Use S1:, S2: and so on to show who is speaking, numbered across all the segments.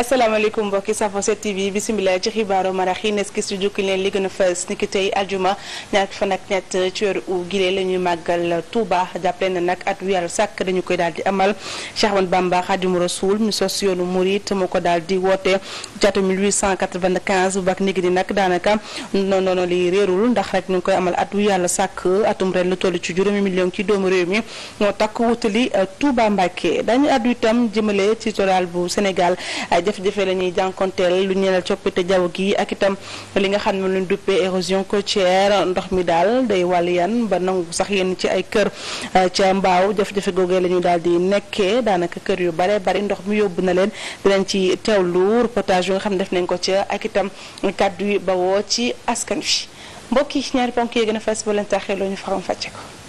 S1: asalaamaaleykum mbokki safo 7TV bisimilah ci xibaaru marax yi nes ki su jukki leen li gën a fës niki tey aljuma ñaar fan ak ñett ci weeru u gile la ñuy màggal Touba jàppale na nag at wu yàlla sàkk dañu koy daal di amal Cheikh Ahmadou Bamba Khadimu Rasul mi sos yoonu Murit moo ko daal di woote jaatu 1895 bak nigi di nag daanaka noonu noonu réerul ndax ñu koy amal at wu yàlla sàkk atum ren lu toll ci juróomi million ci doomu réew mi moo takk wutali Touba Mbàkke dañu at itam jëmale ci toral bu senegal jafe-jafe la ñuy jànkonteel lu ñeenal coppite jaww gi ak itam li nga xam ne luñ duppee érosion côtière ndox mi daal day wàll yan ba nangu sax yenn ci ay kër euh, ca mbaaw jafe-jafe googee la ñu daal di nekkee daanaka kër yu bare bari ndox mi yóbbu na leen dinañ ci teewlu reportage yu nga xam ne def nañ ko ca ak itam kàddu yi bawoo ci askan wi mbokk yi ñaari ponk yi gën a fas ba leen taxee ñu faram fàcce ko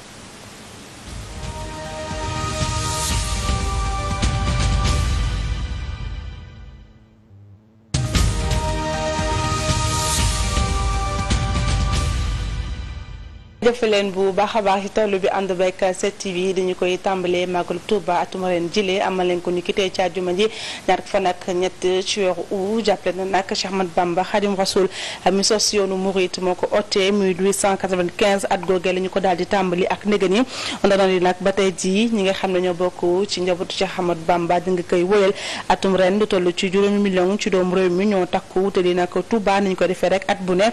S1: jëf leen bu baax a ci toll bi ànd beeg 7TV dañu koy tàmbalee màggalu Touba atuma ren jile amal leen ko ni kitee ci àjjuma ji ñaar fan ak ñett ci weeru août jàppale na nag Cheikh Ahmad Bamba Khadim Rasoul mi sos yoonu Murit moo ko ootee at googee la ñu ko daal di ak ndéggan yi ndono li nag ba tey ñi nga xam ne ñoo bokk ci njabootu Cheikh Ahmad Bamba di nga koy wóyal atum ren lu toll ci juróomi million ci doomu réew mi ñoo takku wutali nag Touba ko defee rek at bu ne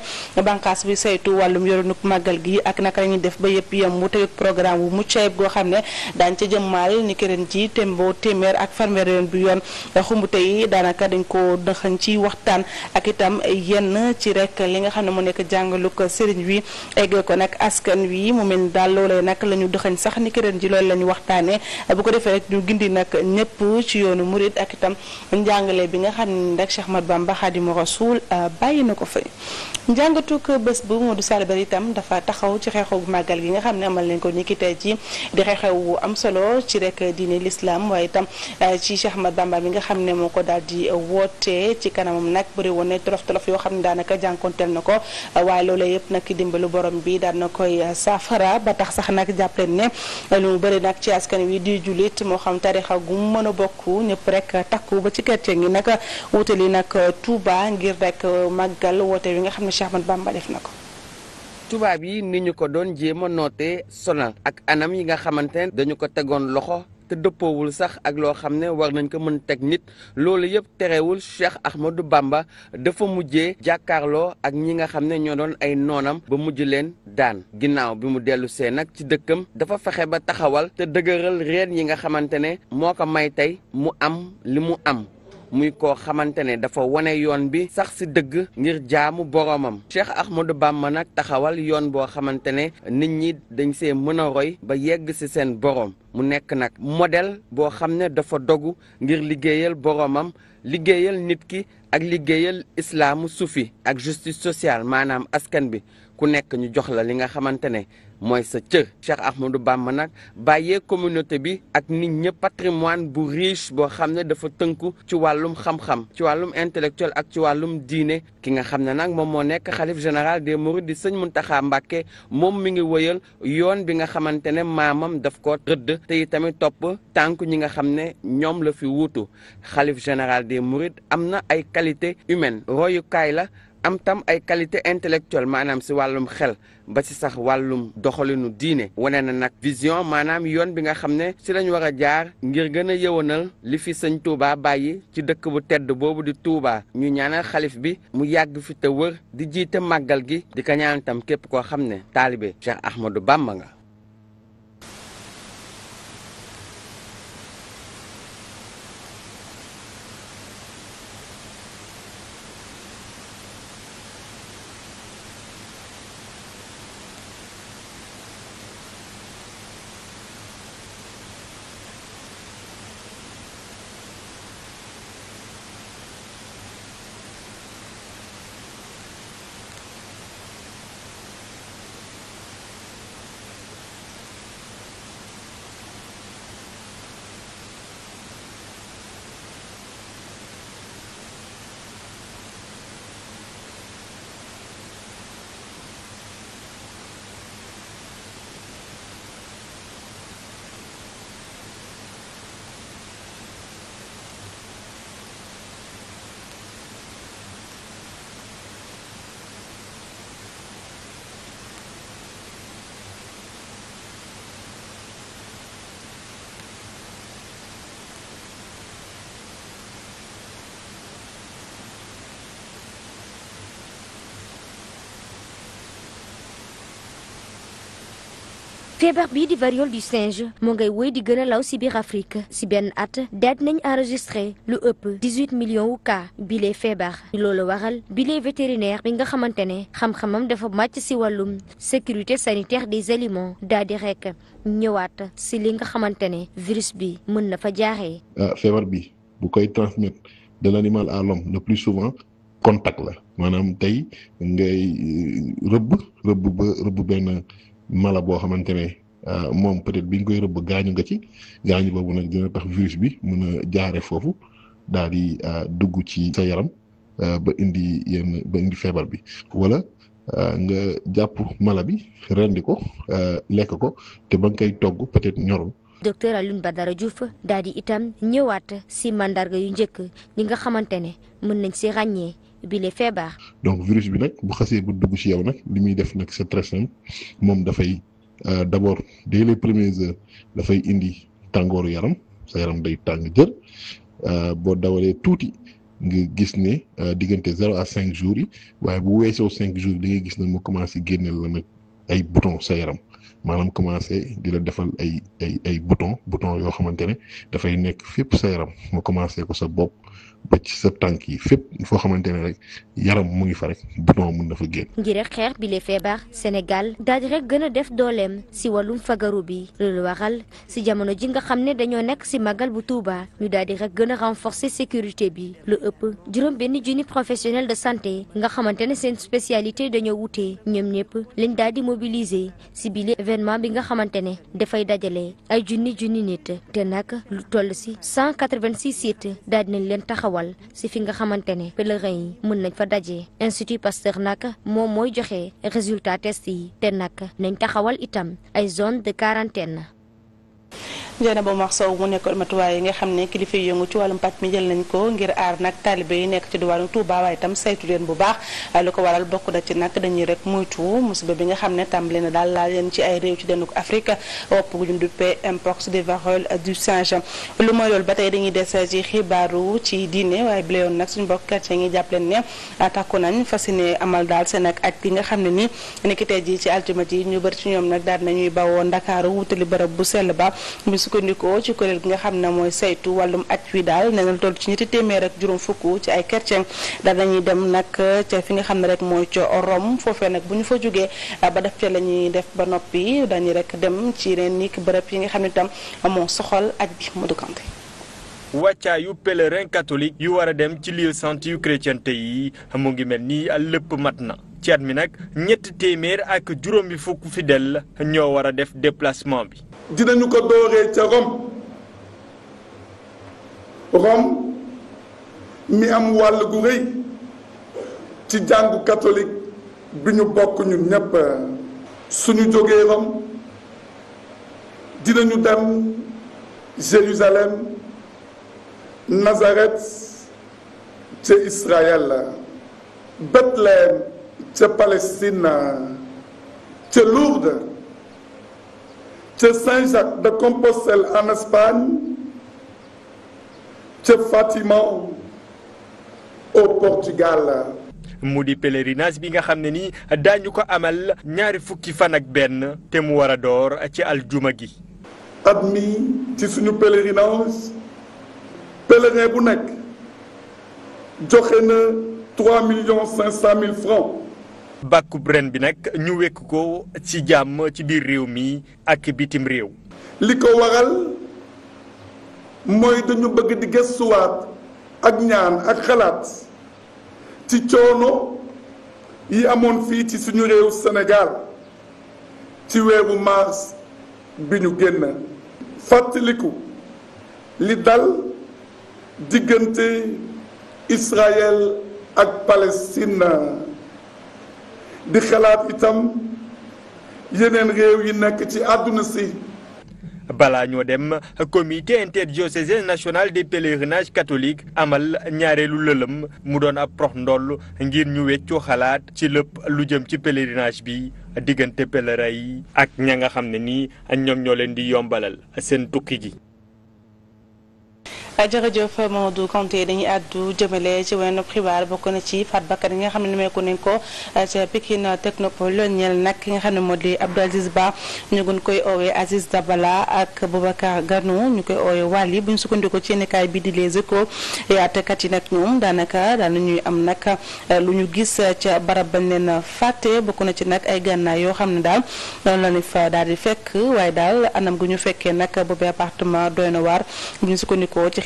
S1: gi ak nag naka lañuy def ba yëpp yem mu teg programme bu mucc ayib goo xam ne daañ ca jëmmaal ni këreen ci tembo téeméer ak fanweer yoon bu yoon xumbu tey daanaka dañ ko dëxañ ci waxtaan ak itam yenn ci rek li nga xam ne mu nekk jàngaluk sëriñ bi egg ko nag askan wi mu mel ni daal loolee nag la ñu dëxañ sax ni këreen ji loolu la ñu waxtaanee bu ko defee rek ñu gindi nag ñëpp ci yoonu murit ak itam njàngale bi nga xam ne rek Cheikh Ahmad Bamba Xaadimu Rasuul bàyyi na ko fa njàngatuk bés bu Modou Sall Bari itam dafa taxaw ci xew màggal gi nga xam ne amal nañ ko niki tey ci di xew-xew wu am solo ci rek diine l'islam waaye itam euh, ci Cheikh Ahmad Bamba bi nga xam ne moo ko daal di woote ci kanamam nag bëri woon na tolof tolof yoo xam ne daanaka jànkonteel na ko waaye loolu yëpp nag dimbalu borom bi daan na koy saafara ba tax sax nag jàpp leen ne lu bëri nag ci askan wi di jullit moo xam tarixa gu mën a bokk ñëpp rek takku ba ci quartier ngi nag wutali nag Touba ngir rek màggal woote wi xam ne Cheikh Ahmad Bamba na ko
S2: tubaab yi ni ñu ko doon jéem a noote sonal ak anam yi nga xamante ne dañu ko tegoon loxo te dëppoowul sax ak loo xam ne war nañ ko mën teg nit loolu yëpp terewul Cheikh Ahmadou Bamba dafa mujjee jàkkaarloo ak ñi nga xam ne ñoo doon ay noonam ba mujj leen daan ginnaaw bi mu dellu see nag ci dëkkam dafa fexe ba taxawal te dëgëral reen yi nga xamante ne moo ko may tey mu am li mu am muy koo xamante ne dafa wane yoon bi sax si dëgg ngir jaamu boromam boroomam Cheikh Ahmadou Bamba nag taxawal yoon boo xamante ne nit ñi dañ see mën a roy ba yegg si seen borom mu nekk nag modèle boo xam ne dafa dogu ngir liggéeyal boromam liggéeyal nit ki ak liggéeyal islaamu suufi ak justice sociale maanaam askan bi ku nekk ñu jox la li nga xamante ne mooy sa cër Cheikh Ahmadou Bamba nag bàyyee communauté bi ak nit ñëpp patrimoine bu riche boo xam ne dafa tënku ci wàllum xam-xam ci wàllum intellectuel ak ci wàllum diine ki nga xam ne nag moom moo nekk xalif général des mourides di sëñ Mountakha Mbacké moom mi ngi wëyal yoon bi nga xamante ne maamam daf ko rëdd te itamit topp tànk ñi nga xam ne ñoom la fi wuutu xalif général de mourides am na ay qualité humaine royukaay la am tam ay qualité intellectuelle maanaam si wàllum xel ba si sax wàllum doxalinu diine wane na nag vision maanaam yoon bi nga xam ne si lañu war a jaar ngir gën a yëwanal li fi sëñ Touba bàyyi ci dëkk bu tedd boobu di Touba ñu ñaanal xalif bi mu yàgg fi te wër di jiite màggal gi di ko tam képp koo xam ne taalibe Cheikh Ahmadou Bamba nga
S3: feebar bii di variole du singe moo ngay wéy di gën a law si biir Afrique si benn at daat nañ enregistré lu ëpp dix-huit millions wu cas bilee feebar loolu waral bilee vétérinaire bi nga xamante ne xam-xamam dafa màcc si wàllum sécurité sanitaire des aliments daal di rek ñëwaat si li nga xamante ne virus bi mën na fa jaaxee.
S4: Ah, feebar bi bu koy transmettre de l'animal à l'homme le plus souvent. contact la maanaam tey ngay euh, rëbb rëbb benn mala boo xamante ne euh, moom peut bi ñu koy rëbb gaañu nga ci gaañu boobu nag dina tax virus bi mën a jaare foofu daal di euh, dugg ci sa yaram euh, ba indi yenn ba indi feebar bi wala nga jàpp mala bi rendi ko lekk ko te ba nga koy togg peut-être ñorul.
S3: docteur Alioune Badara Diouf daal di itam ñëwaat si mandarga yu njëkk li nga xamante ne mën nañ si ràññee. bi le feebar.
S4: donc virus bi nag bu xasee bu dugg ci yow nag li muy def nag c'est très moom dafay euh, d'abord dès les premières heures dafay indi tàngooru yaram sa yaram day tàng jër euh, boo dawalee tuuti nga gis ne euh, diggante zéro à cinq jours yi waaye bu weesoo cinq jours yi da gis ne mu commencé génneel la nag ay boutons sa yaram maanaam commencé di la defal ay ay ay boutons yoo xamante ne dafay nekk fépp sa yaram mu commencé ko sa bopp. ba ci sa tànk yi fépp foo xamante ne yaram mu ngi fa rek bouton mun na fa génn.
S3: ngir rek xeex bi le feebar Sénégal daal di rek gën a def dooleem si wàllum fagaro bi loolu waral si jamono ji nga xam ne dañoo nekk si magal bu Touba ñu daal di rek gën a renforcer sécurité bi lu ëpp juróom benn junni professionnel de santé nga xamante ne seen spécialité dañoo wute ñoom ñëpp lañ daal di mobiliser si bile événement bi nga xamante ne dafay dajale ay junni junni nit nag lu toll si 186 sites daal nañ leen taxawal. taxawal si fi nga xamante ne pèlerins yi mën nañ fa daje Institut Pasteur nag moom mooy joxe résultat test yi te nag nañ taxawal itam ay zone de quarantaine
S1: Dieynaba Oumar Sow mu nekkoon matuwaay yi nga xam ne kilifa yi ci wàllum pàcc mi jël nañ ko ngir aar nag taalibe yi nekk ci diwaanu Touba waaye itam saytu leen bu baax lu ko waral bokk na ci nag dañuy rek moytu musiba bi nga xam ne tàmbali na daal laal leen ci ay du singe lu mooy loolu ba tey dañuy des ci xibaaru ci diine waaye bi yoon nag suñu mbokk quartier ngi jàpp leen ne takku nañ fasine amal daal seen ak ak yi nga xam ne ni nekki tey ji ci aljuma ji ñu bëri ci ñoom nag daal nañuy bawoo Ndakaaru wutali bërëb bu sell ba sukkandikoo ci kuréel gi nga xam ne mooy saytu wàllum aj wi daal nee na toll ci ñetti téeméer ak juróom fukk ci ay chrétien daal dañuy dem nag ca fi nga xam ne rek mooy ca Rome foofe nag bu ñu fa jógee ba def ca lañuy def ba noppi dañuy rek dem ci yeneen nik bërëb yi nga xam ne tam moo soxal aj bi mu dukkante
S5: wàccaayu pèlerin catholique yu war a dem ci lieu saint yu chrétienté yi mu ngi mel ni lépp mat na ci mi nag ñetti téeméer ak juróomi fukk fidèle ñoo war a def déplacement bi. dinañu ko dooree ca Rome
S6: Rome mi am wàll gu rëy ci jàngu katolik bi ñu bokk ñun ñépp suñu jógee Rome dinañu dem Jérusalem Nazareth ca Israël Bethléem ca Palestine ca Lourdes ca Saint-Jacques de Compostelle en Espagne ca Fatima au Portugal.
S5: mu di pèlerinage bi nga xam ne ni daañu ko amal ñaari fukki fan ak benn te mu war a door ci aljuma gi. at mi ci suñu pèlerinage pèlerin bu nag joxe na trois cinq cent mille francs. bàkku ren bi nag ñu wekk ko ci jàmm ci biir réew mi ak bitim réew. li ko waral mooy dañu bëgg di gëstuwaat ak ñaan
S6: ak xalaat ci coono yi amoon fii ci suñu réew Sénégal ci weeru mars bi ñu génn. fàttaliku li dal diggante Israël ak Palestine. di xalaat
S5: itam yeneen réew yi nekk ci àdduna si. balaa ñoo dem comité interdiocésain national des pèlerinages catholiques amal ñaareelu lëlëm mu doon ab porox ndoll ngir ñu weccoo xalaat ci lëpp lu jëm ci pèlerinage bi diggante pèlerin yi ak ña nga xam ne nii ñoom ñoo leen di yombalal seen tukki gi.
S1: jërëjëf Mamadou Kanté dañuy àddu jëmale ci wenn xibaar bokk na ci faat bakkan yi nga xam ne meeku nañ ko eh, ca Pikine Technopole ñeel nag ki nga xam ne moo di Abdou Aziz Ba ñu gën koy oowee Aziz Dabala ak Boubacar Ganou ñu koy oowee Wally bu ñu sukkandiku ci yéenekaay bi di Les Échos yaatekat yi nag ñoom daanaka daanañuy am nag eh, lu ñu gis ca barab bañ leen fàtte bokk na ci nag ay gànnaay yoo xam ne daal loolu la ñu fa daal di fekk waaye daal anam gu ñu fekkee nag boobee appartement doy na waar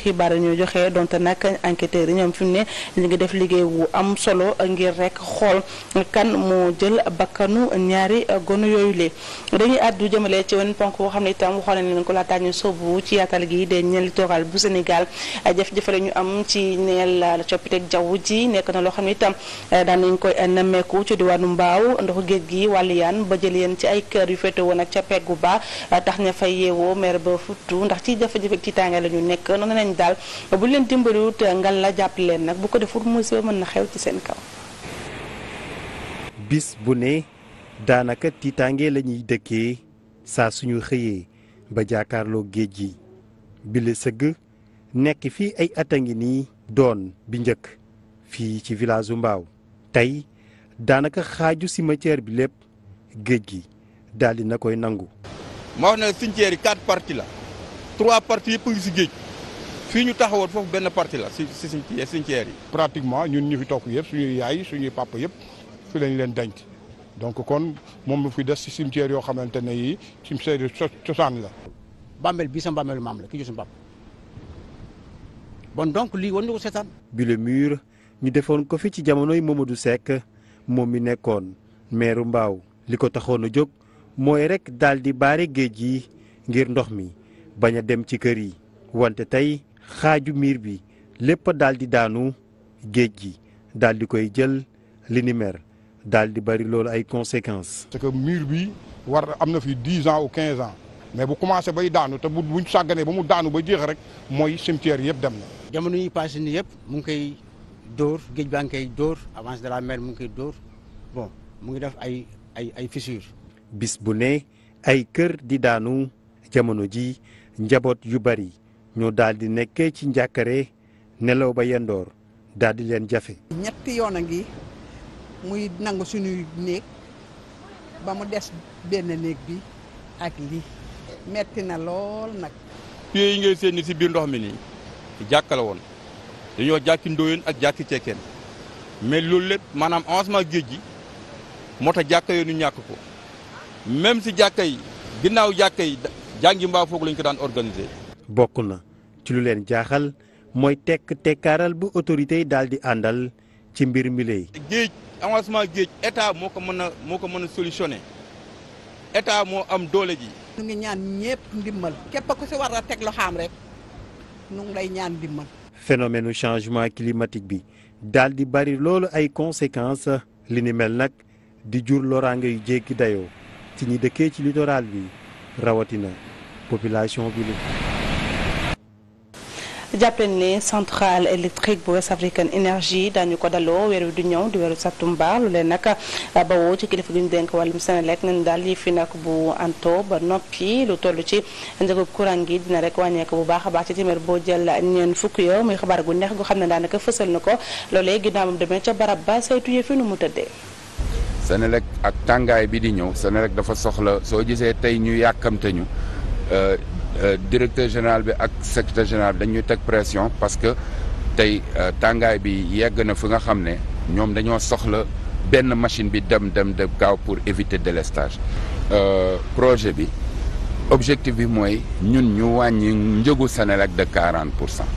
S1: xibaar la ñu joxe donte nag enquêteurs yi ñoom fi mu ne ñu ngi def liggéey wu am solo ngir rek xool kan moo jël bakkanu ñaari gonu yooyu lee dañuy àddu jëmale ci wen ponk boo xam ne itam waxoon nañ leen ko laataa ñu sóobu ci gi de ñeel littoral bu Sénégal jafe-jafe la ñu am ci neel coppiteg jaww ji nekk na loo xam ne itam eh, daan nañ koy nemmeeku ci diwaanu Mbaaw ndox géej gi wàllu ba jël yéen ci ay kër yu féete woon ak ca peggu ba eh, tax ña fay yeewoo mer ba futtu ndax ci jafe-jafe ci tàngaay ñu nekk noonu nañ nañ daal bu leen dimbaliwut ngal la jàpp leen nag bu ko def defut musiba mën na xew ci seen kaw.
S7: bis bu ne daanaka tiitaange lañuy dëkke dëkkee saa suñu xëyee ba jàkkaarloo géej gi bile sëgg nekk fii ay at a ngi nii doon bi njëkk fii ci village u Mbaaw tey daanaka xaaju cimetière bi lépp géej gi daldi na koy nangu. ma wax ne cimetière yi quatre parties la
S5: trois parties yëpp ngi si géej. fii ñu taxawoon foofu benn parti la si si cimetière
S6: yi. pratiquement ñun ñu fi toog yëpp suñuy yaay suñuy papa yëpp fi lañ leen denc donc kon moom lu fi des si cimetière yoo xamante ne yii cimetière yi cosaan la. bàmmeel
S2: bii sa bàmmeelu maam la ki jur sa papa
S7: bon donc lii war na ko seetaan. bi le mur ñu defoon ko fi ci jamonoy Mamadou Seck moom mi nekkoon meeru Mbaaw li ko taxoon a jóg mooy rek daal di baare géej gi ngir ndox mi bañ a dem ci kër yi wante tey. xaaju miir bi lépp daal di daanu géej gi daal di koy jël li ni daal di bari loolu ay conséquence parce que mur bi war am na fi dix ans ou quinze ans mais bu commencé bay daanu te
S6: bu
S2: buñ sàgganee ba mu daanu ba jeex rek mooy cimetière yëpp dem na. jamono yi passé ni yëpp mu ngi koy dóor géej baa ngi koy dóor avance de la mer mu ngi koy dóor bon mu ngi def ay ay ay fissures.
S7: bis bu ne ay kër di daanu jamono ji njaboot yu bari. ñoo daal di nekkee ci njàkkare nelaw ba yendoor daal di leen jafe.
S2: ñetti yoon a ngi muy nangu suñuy néeg ba mu des benn néeg bi ak lii metti na lool nag.
S5: pieds yi ngay seen si biir ndox mi ni jàkka woon dañoo jàkki ndóoyeen ak jàkki cekkeen mais loolu lépp maanaam avancement géej gi moo tax jàkka yooyu ñu ko même si jàkka yi ginnaaw jàkka yi jàngi mbaa foog lañ ko daan organiser.
S7: bokk na ci lu leen jaaxal mooy tekk tekkaaral bu autorité yi daal di àndal ci mbir mi lay
S5: géej avancement géej état moo ko mën a moo ko mën
S2: a solutionné état moo am doole ji. ñu ngi ñaan ñépp ndimbal képp ko ci war a teg loxaam rek ñu ngi lay ñaan ndimbal.
S7: phénomène changement climatique bi daal di bari loolu ay conséquences li ni mel nag di jur loraange yu jéggi dayoo ci ñi dëkkee ci littoral bi rawatina population bi la.
S1: jàpp leen ne centrale électrique bu West African Energy daañu ko daloo weer wi du ñëw di weeru sattumbar lu leen nag ah, bawoo ci kilifa gi ñu dénk wàllum Senelec nañu daal yi fi nag bu anto ba noppi lu toll ci njëgub courant gi dina rekk wàññeeku bu baax a baax ci téeméer boo jël ñeen fukk yow muy xabaar gu neex gu xam ne daanaka fësal na ko loolee ginnaaw moom demee ca barab ba saytu yëf yi nu mu tëddee.
S8: Senelec ak tàngaay bi di ñëw Senelec dafa soxla soo gisee tey ñu yàkkamte ñu. Euh, Euh, directeur général bi ak secrétaire général bi dañu teg pression parce que tey euh, tàngaay bi yegg na fi nga xam ne ñoom dañoo soxla benn machine bi dem dem dem gaaw pour éviter délestage euh, projet bi objectif bi mooy ñun ñu wàññi njëgu Senelec de 40 pour cent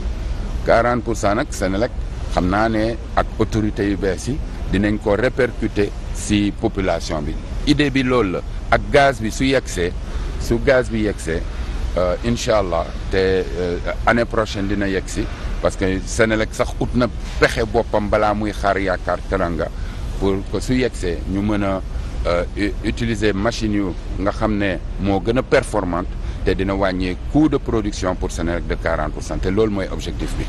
S8: 40 pour cent nag Senelec xam naa ne ak autorités yu bees yi dinañ ko répercuter ci population bi idée bi loolu la ak gaz bi su yegsee su gaz bi yegsee Euh, incha allah te euh, année prochaine dina yegg si parce que Sénélec sax ut na pexe boppam balaa muy xaar yaakaar Teranga pour que su yeggsee ñu mën a euh, utiliser machines yu nga xam ne moo gën a performante te dina wàññi coût de production pour Sénélec de 40 pour cent te loolu mooy objectif bi.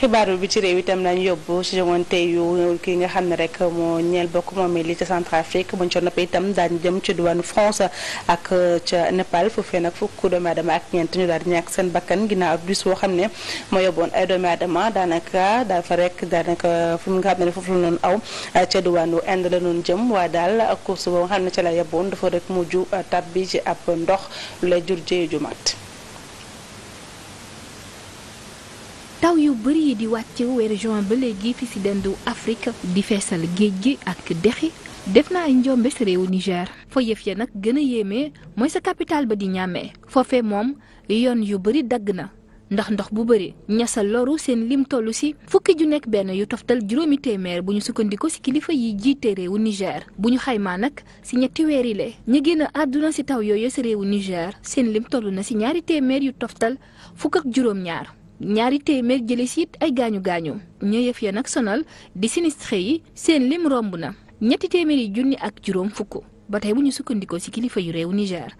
S1: xibaar bi ci réew itam lañ yóbbu ci joŋante yu ki nga xam ne rek moo ñeel bokk moom li ca Centrafrique buñ ca noppee itam daañu jëm ci duwaanu France ak ca Népal foofee nag fukk doomu ak ñeent ñu daal di ñàkk seen bakkan ginnaaw ab bis boo xam ne moo yóbboon ay doomu aadama daanaka dafa rek daanaka fu nga xam ne foofu la noonu aw ca diwaanu Inde la noonu jëm waa daal course boo nga xam ne ca la yóbboon dafa rek mujj tab bi ci ab ndox lu lay jur jëye mat
S9: taw yu bëri yi di wàcc weeru juin ba léegi fi si dendu Afrique di feesal géej gi ak dexi def na ay njombe si réewu Niger fa yëf ya nag gën a yéeme mooy sa capitale ba di ñàmmee foofe moom yoon yu bëri dagg na ndax ndox bu bëri ñasa loru seen lim toll si fukki ju nekk benn yu toftal juróomi téeméer bu ñu sukkandiku si kilifa yi jiite réewu Niger bu ñu xaymaa nag si ñetti weer yi le ñu génn àdduna si taw yooyu si réewu Niger seen lim toll na si ñaari téeméer yu toftal fukk ak ñaari téeméer jëli si ay gaañu gaañu ñu yëf ya nag sonal di sinistré yi seen lim romb na ñetti téeméeri junni ak juróom fukk ba tey mu ñu sukkandikoo ci kilifa yu réew Niger.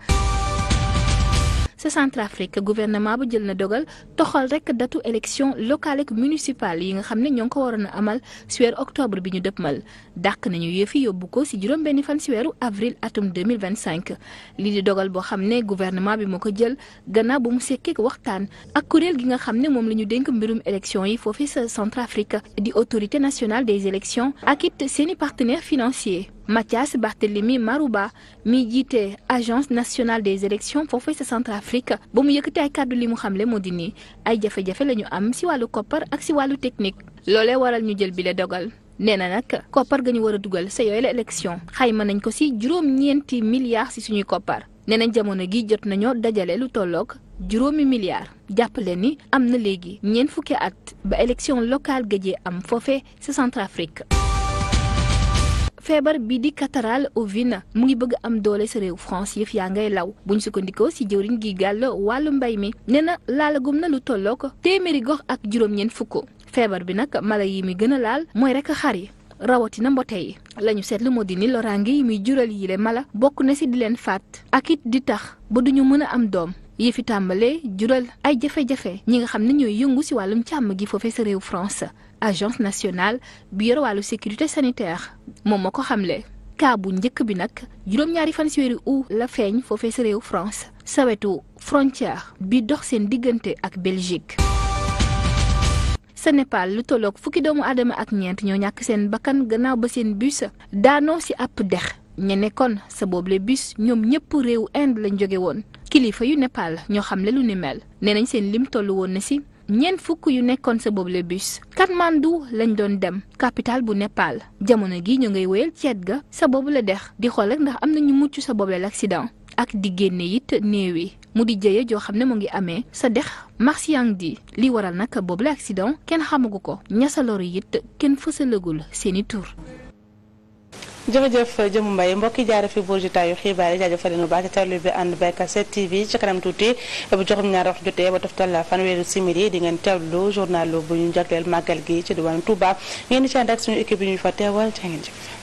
S9: ca Centrafrique gouvernement ba jël na dogal toxal rek datu élection locale ak municipale yi nga xam ne ñoo ngi ko waroon a amal si weeru octobre bi ñu dëppmal dàq nañu yëfi yóbbu ko si juróom benni fan si weeru avril atum 2025 lii di dogal boo xam ne gouvernement bi moo ko jël gannaaw bu mu sekkeek waxtaan ak kuréel gi nga xam ne moom la ñu dénk mbirum élection yi foofee sa Centrafrique di autorité nationale des élections ak it seeni partenaire financiers Mathias Barthélémy Marouba mi jiite agence nationale des élections foofee sa Centrafrique ba mu yëkkati ay kàddu li mu xamle moo di ni ay jafe-jafe la ñu am si wàllu koppar ak si wàllu technique loole waral ñu jël bi bile dogal nee na nag koppar ga ñu war a dugal sa yooyu la élection xayma nañ ko si juróom-ñeenti milliards si suñuy koppar nee na jamono gi jot nañoo dajale lu tolloog juróomi milliards jàppale ni am na léegi ñeent fukki at ba élection locale gëjee am foofe sa Centrafrique feebar bi di catarrhale ovine mu ngi bëgg am doole sa réew France yëf yaa ngay law buñ sukkandikoo si jëwriñ gi gàll wàllu mbay mi nee na laalagum na lu tolloo ko téeméeri gox ak juróom-ñeent fukk feebar bi nag mala yi mi gën a laal mooy rek xar yi rawatina mbote yi lañu seetlu moo di ni loraange yi muy jural yile mala bokk na si di leen faat ak it di tax ba duñu mën a am doom yi fi tàmbalee jural ay jafe-jafe ñi nga xam ne ñooy yëngu si wàllum càmm gi foofee sa réew France agence nationale bu yor wàllu sécurité sanitaire moom ma ko xamle cas bu njëkk bi nag juróom-ñaari fan si la feeñ foofee sa réew France sa wetu frontière bi dox seen diggante ak Belgique. sa Népal lu tolloog fukki doomu aadama ak ñeent ñoo ñàkk seen bakkan gannaaw ba seen bus daanoo si ab dex ña nekkoon sa boobule bus ñoom ñëpp réewu Inde lañ jóge woon kilifa yu Népal ñoo xam lu ni mel nee nañ seen lim tollu woon na si ñeent fukk yu nekkoon sa boobule bus Katmandu lañ doon dem capitale bu Népal jamono gi ñu ngay wéyal ceet ga sa la dex di xool rek ndax am na ñu mucc sa boobule l'accident ak di génne it néew yi mu di jëye joo xam ne mu ngi amee sa dex marsiang di li waral nag boobule accident kenn xamagu ko ñasaloru it kenn fësalagul seeni tur
S1: jërëjëf jëmu mbay mbokki jaare fi bourgi taayu xibaar yi jaajëfal leen bu baax ci teewlu bi ànd bekk 7TV ci kanam tuuti bu joxum ñaar wax jotee ba toftal fanweeri simili di ngeen teewlu journal bu ñu jagleel màgget gi ci diwaan Touba ngeen di ci ànd suñu équipe yi ñu fa teewal ca ngeen jëf